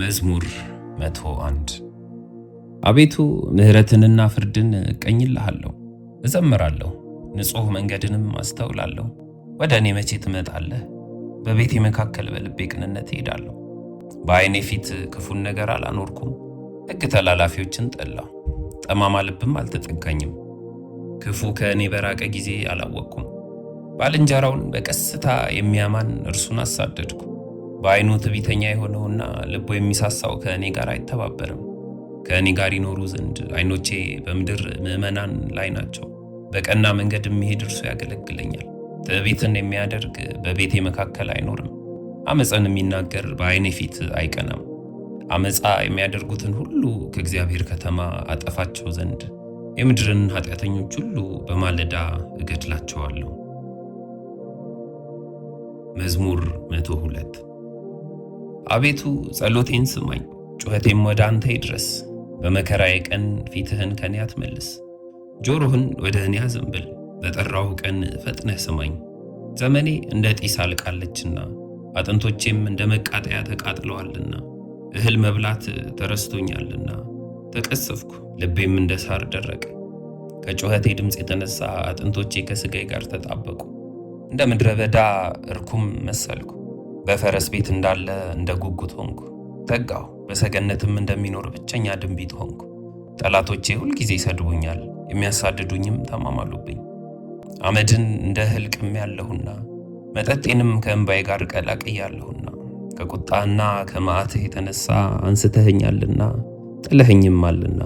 መዝሙር መቶ አንድ አቤቱ ምሕረትንና ፍርድን እቀኝልሃለሁ እዘምራለሁ፣ ንጹሕ መንገድንም አስተውላለሁ። ወደ እኔ መቼ ትመጣለህ? በቤቴ መካከል በልቤ ቅንነት እሄዳለሁ። በዐይኔ ፊት ክፉን ነገር አላኖርኩም። ሕግ ተላላፊዎችን ጠላሁ፣ ጠማማ ልብም አልተጠጋኝም። ክፉ ከእኔ በራቀ ጊዜ አላወቅኩም። ባልንጀራውን በቀስታ የሚያማን እርሱን አሳደድኩ። በአይኑ ትቢተኛ የሆነውና ልቦ የሚሳሳው ከእኔ ጋር አይተባበርም። ከእኔ ጋር ይኖሩ ዘንድ አይኖቼ በምድር ምዕመናን ላይ ናቸው። በቀና መንገድ የሚሄድ እርሱ ያገለግለኛል። ትዕቢትን የሚያደርግ በቤቴ መካከል አይኖርም። አመፀን የሚናገር በአይኔ ፊት አይቀናም። አመፃ የሚያደርጉትን ሁሉ ከእግዚአብሔር ከተማ አጠፋቸው ዘንድ የምድርን ኃጢአተኞች ሁሉ በማለዳ እገድላቸዋለሁ። መዝሙር 102 አቤቱ ጸሎቴን ስማኝ፣ ጩኸቴም ወደ አንተ ይድረስ። በመከራዬ ቀን ፊትህን ከኔ አትመልስ፣ ጆሮህን ወደ እኔ አዘንብል። በጠራሁ ቀን ፈጥነህ ስማኝ። ዘመኔ እንደ ጢስ አልቃለችና አጥንቶቼም እንደ መቃጠያ ተቃጥለዋልና እህል መብላት ተረስቶኛልና ተቀሰፍኩ፣ ልቤም እንደ ሳር ደረቀ። ከጩኸቴ ድምፅ የተነሳ አጥንቶቼ ከሥጋዬ ጋር ተጣበቁ፣ እንደ ምድረ በዳ እርኩም መሰልኩ። በፈረስ ቤት እንዳለ እንደ ጉጉት ሆንኩ። ተጋሁ። በሰገነትም እንደሚኖር ብቸኛ ድንቢጥ ሆንኩ። ጠላቶቼ ሁልጊዜ ይሰድቡኛል፣ የሚያሳድዱኝም ተማማሉብኝ። አመድን እንደ እህል ቅሜ ያለሁና መጠጤንም ከእንባዬ ጋር ቀላቅያለሁና ከቁጣና ከመዓትህ የተነሳ አንስተኸኛልና ጥለኸኝማልና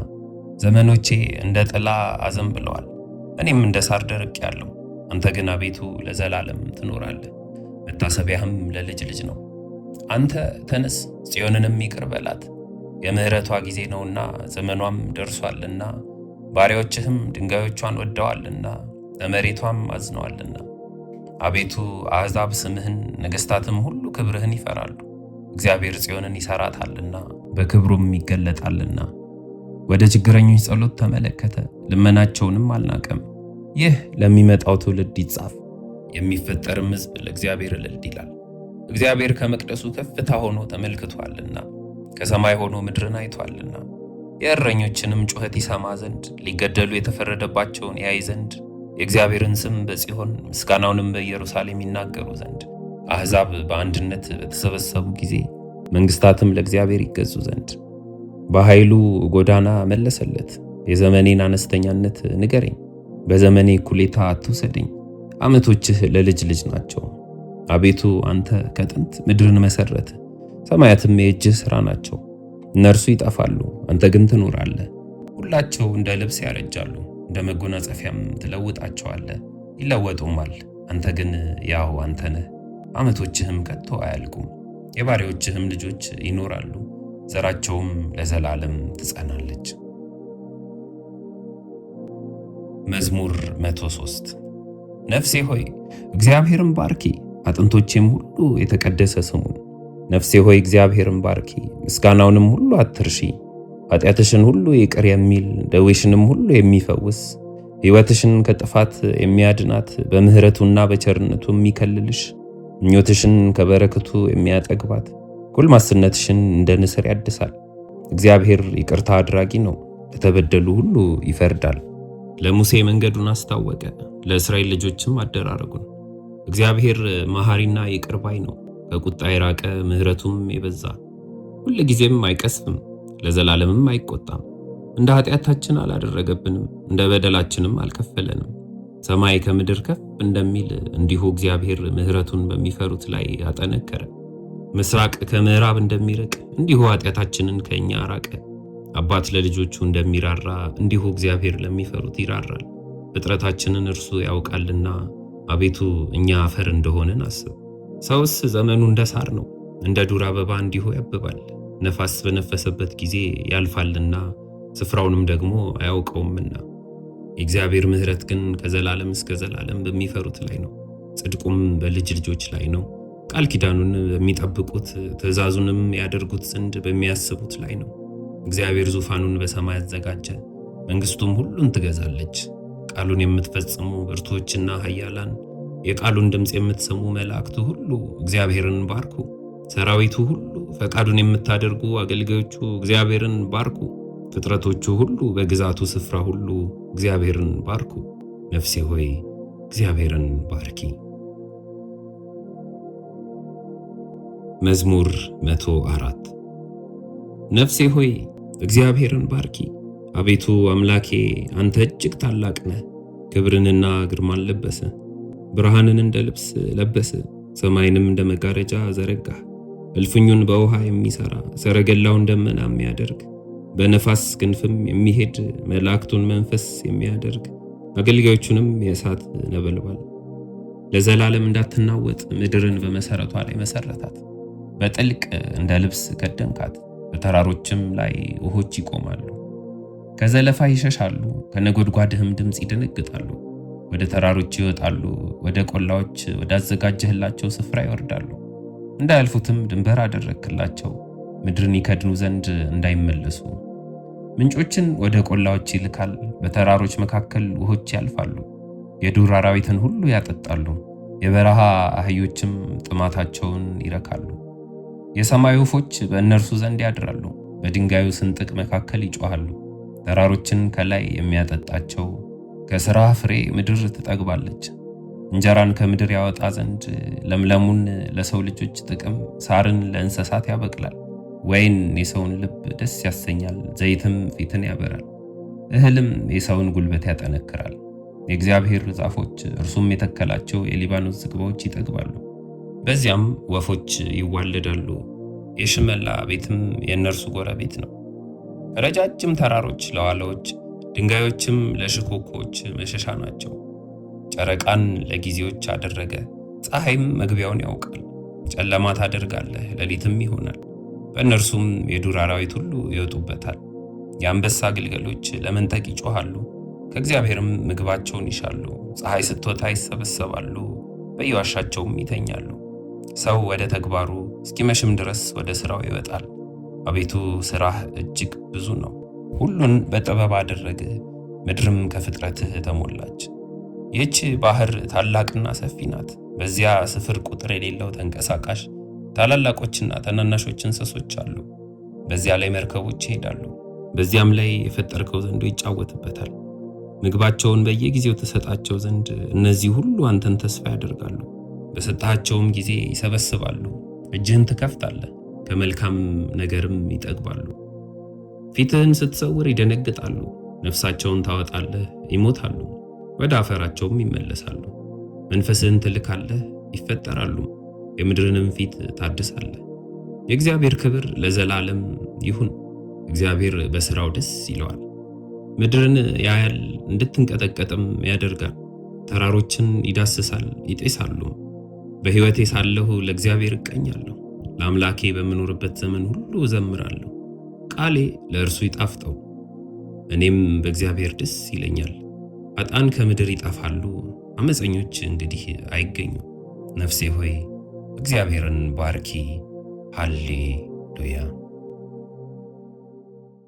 ዘመኖቼ እንደ ጥላ አዘንብለዋል፣ እኔም እንደ ሳር ያለው አንተ ግን አቤቱ ለዘላለም ትኖራለህ። መታሰቢያህም ለልጅ ልጅ ነው። አንተ ተነስ፣ ጽዮንንም ይቅር በላት፣ የምሕረቷ ጊዜ ነውና ዘመኗም ደርሷልና፣ ባሪያዎችህም ድንጋዮቿን ወደዋልና ለመሬቷም አዝነዋልና። አቤቱ አሕዛብ ስምህን ነገሥታትም ሁሉ ክብርህን ይፈራሉ። እግዚአብሔር ጽዮንን ይሰራታልና በክብሩም ይገለጣልና። ወደ ችግረኞች ጸሎት ተመለከተ፣ ልመናቸውንም አልናቀም። ይህ ለሚመጣው ትውልድ ይጻፍ። የሚፈጠርም ሕዝብ ለእግዚአብሔር እልል ይላል። እግዚአብሔር ከመቅደሱ ከፍታ ሆኖ ተመልክቷልና ከሰማይ ሆኖ ምድርን አይቷልና የእረኞችንም ጩኸት ይሰማ ዘንድ ሊገደሉ የተፈረደባቸውን ያይ ዘንድ የእግዚአብሔርን ስም በጽዮን ምስጋናውንም በኢየሩሳሌም ይናገሩ ዘንድ አሕዛብ በአንድነት በተሰበሰቡ ጊዜ መንግሥታትም ለእግዚአብሔር ይገዙ ዘንድ በኃይሉ ጎዳና መለሰለት። የዘመኔን አነስተኛነት ንገረኝ፣ በዘመኔ ኩሌታ አትውሰደኝ። ዓመቶችህ ለልጅ ልጅ ናቸው። አቤቱ አንተ ከጥንት ምድርን መሰረት፣ ሰማያትም የእጅህ ሥራ ናቸው። እነርሱ ይጠፋሉ፣ አንተ ግን ትኖራለህ። ሁላቸው እንደ ልብስ ያረጃሉ፣ እንደ መጎናጸፊያም ትለውጣቸዋለህ። ይለወጡማል፣ አንተ ግን ያው አንተ ነህ። ዓመቶችህም ከቶ አያልቁም። የባሪያዎችህም ልጆች ይኖራሉ፣ ዘራቸውም ለዘላለም ትጸናለች። መዝሙር 103 ነፍሴ ሆይ እግዚአብሔርን ባርኪ፣ አጥንቶቼም ሁሉ የተቀደሰ ስሙን። ነፍሴ ሆይ እግዚአብሔርን ባርኪ፣ ምስጋናውንም ሁሉ አትርሺ። ኃጢአትሽን ሁሉ ይቅር የሚል ደዌሽንም ሁሉ የሚፈውስ ሕይወትሽን ከጥፋት የሚያድናት በምሕረቱና በቸርነቱ የሚከልልሽ ምኞትሽን ከበረከቱ የሚያጠግባት ጎልማስነትሽን እንደ ንስር ያድሳል። እግዚአብሔር ይቅርታ አድራጊ ነው፣ ለተበደሉ ሁሉ ይፈርዳል። ለሙሴ መንገዱን አስታወቀ፣ ለእስራኤል ልጆችም አደራረጉን። እግዚአብሔር መሐሪና የቅርባይ ነው፣ ከቁጣ የራቀ ምሕረቱም የበዛ ሁል ጊዜም አይቀስፍም፣ ለዘላለምም አይቆጣም። እንደ ኃጢአታችን አላደረገብንም፣ እንደ በደላችንም አልከፈለንም። ሰማይ ከምድር ከፍ እንደሚል እንዲሁ እግዚአብሔር ምሕረቱን በሚፈሩት ላይ አጠነከረ። ምስራቅ ከምዕራብ እንደሚርቅ እንዲሁ ኃጢአታችንን ከእኛ አራቀ። አባት ለልጆቹ እንደሚራራ እንዲሁ እግዚአብሔር ለሚፈሩት ይራራል። ፍጥረታችንን እርሱ ያውቃልና፣ አቤቱ እኛ አፈር እንደሆንን አስብ። ሰውስ ዘመኑ እንደ ሳር ነው፣ እንደ ዱር አበባ እንዲሁ ያብባል። ነፋስ በነፈሰበት ጊዜ ያልፋልና ስፍራውንም ደግሞ አያውቀውምና፣ የእግዚአብሔር ምሕረት ግን ከዘላለም እስከ ዘላለም በሚፈሩት ላይ ነው፣ ጽድቁም በልጅ ልጆች ላይ ነው። ቃል ኪዳኑን በሚጠብቁት ትእዛዙንም ያደርጉት ዘንድ በሚያስቡት ላይ ነው። እግዚአብሔር ዙፋኑን በሰማይ አዘጋጀ፣ መንግሥቱም ሁሉን ትገዛለች። ቃሉን የምትፈጽሙ ብርቶችና ኃያላን፣ የቃሉን ድምፅ የምትሰሙ መላእክት ሁሉ እግዚአብሔርን ባርኩ። ሰራዊቱ ሁሉ፣ ፈቃዱን የምታደርጉ አገልጋዮቹ እግዚአብሔርን ባርኩ። ፍጥረቶቹ ሁሉ፣ በግዛቱ ስፍራ ሁሉ እግዚአብሔርን ባርኩ። ነፍሴ ሆይ እግዚአብሔርን ባርኪ። መዝሙር 104 ነፍሴ ሆይ እግዚአብሔርን ባርኪ። አቤቱ አምላኬ አንተ እጅግ ታላቅ ነህ። ክብርንና ግርማን ለበሰ። ብርሃንን እንደ ልብስ ለበሰ። ሰማይንም እንደ መጋረጃ ዘረጋ። እልፍኙን በውሃ የሚሰራ ሰረገላውን ደመና የሚያደርግ በነፋስ ክንፍም የሚሄድ መላእክቱን መንፈስ የሚያደርግ አገልጋዮቹንም የእሳት ነበልባል። ለዘላለም እንዳትናወጥ ምድርን በመሰረቷ ላይ መሰረታት። በጥልቅ እንደ ልብስ ከደንካት። በተራሮችም ላይ ውሆች ይቆማሉ። ከዘለፋ ይሸሻሉ፣ ከነጎድጓድህም ድምፅ ይደነግጣሉ። ወደ ተራሮች ይወጣሉ፣ ወደ ቆላዎች ወዳዘጋጀህላቸው ስፍራ ይወርዳሉ። እንዳያልፉትም ድንበር አደረግክላቸው፣ ምድርን ይከድኑ ዘንድ እንዳይመለሱ። ምንጮችን ወደ ቆላዎች ይልካል፣ በተራሮች መካከል ውሆች ያልፋሉ። የዱር አራዊትን ሁሉ ያጠጣሉ፣ የበረሃ አህዮችም ጥማታቸውን ይረካሉ። የሰማይ ወፎች በእነርሱ ዘንድ ያድራሉ፣ በድንጋዩ ስንጥቅ መካከል ይጮሃሉ። ተራሮችን ከላይ የሚያጠጣቸው ከሥራ ፍሬ ምድር ትጠግባለች። እንጀራን ከምድር ያወጣ ዘንድ ለምለሙን ለሰው ልጆች ጥቅም፣ ሳርን ለእንስሳት ያበቅላል። ወይን የሰውን ልብ ደስ ያሰኛል፣ ዘይትም ፊትን ያበራል። እህልም የሰውን ጉልበት ያጠነክራል። የእግዚአብሔር ዛፎች እርሱም የተከላቸው የሊባኖስ ዝግባዎች ይጠግባሉ። በዚያም ወፎች ይዋለዳሉ። የሽመላ ቤትም የእነርሱ ጎረቤት ነው። ረጃጅም ተራሮች ለዋላዎች፣ ድንጋዮችም ለሽኮኮዎች መሸሻ ናቸው። ጨረቃን ለጊዜዎች አደረገ፣ ፀሐይም መግቢያውን ያውቃል። ጨለማ ታደርጋለህ፣ ሌሊትም ይሆናል። በእነርሱም የዱር አራዊት ሁሉ ይወጡበታል። የአንበሳ ግልገሎች ለመንጠቅ ይጮሃሉ፣ ከእግዚአብሔርም ምግባቸውን ይሻሉ። ፀሐይ ስትወጣ ይሰበሰባሉ፣ በየዋሻቸውም ይተኛሉ። ሰው ወደ ተግባሩ እስኪመሽም ድረስ ወደ ስራው ይወጣል። አቤቱ ስራህ እጅግ ብዙ ነው፣ ሁሉን በጥበብ አደረገ ምድርም ከፍጥረትህ ተሞላች። ይህች ባህር ታላቅና ሰፊ ናት። በዚያ ስፍር ቁጥር የሌለው ተንቀሳቃሽ ታላላቆችና ታናናሾች እንስሶች አሉ። በዚያ ላይ መርከቦች ይሄዳሉ፣ በዚያም ላይ የፈጠርከው ዘንዶ ይጫወትበታል። ምግባቸውን በየጊዜው ተሰጣቸው ዘንድ እነዚህ ሁሉ አንተን ተስፋ ያደርጋሉ። በሰጠሃቸውም ጊዜ ይሰበስባሉ። እጅህን ትከፍታለህ፣ ከመልካም ነገርም ይጠግባሉ። ፊትህን ስትሰውር ይደነግጣሉ፣ ነፍሳቸውን ታወጣለህ፣ ይሞታሉ፣ ወደ አፈራቸውም ይመለሳሉ። መንፈስህን ትልካለህ፣ ይፈጠራሉ፣ የምድርንም ፊት ታድሳለህ። የእግዚአብሔር ክብር ለዘላለም ይሁን። እግዚአብሔር በሥራው ደስ ይለዋል። ምድርን ያያል፣ እንድትንቀጠቀጥም ያደርጋል። ተራሮችን ይዳስሳል፣ ይጤሳሉ። በሕይወቴ ሳለሁ ለእግዚአብሔር እቀኛለሁ፣ ለአምላኬ በምኖርበት ዘመን ሁሉ እዘምራለሁ። ቃሌ ለእርሱ ይጣፍጠው፣ እኔም በእግዚአብሔር ደስ ይለኛል። አጣን ከምድር ይጠፋሉ፣ አመፀኞች እንግዲህ አይገኙም። ነፍሴ ሆይ እግዚአብሔርን ባርኪ። ሃሌ ሉያ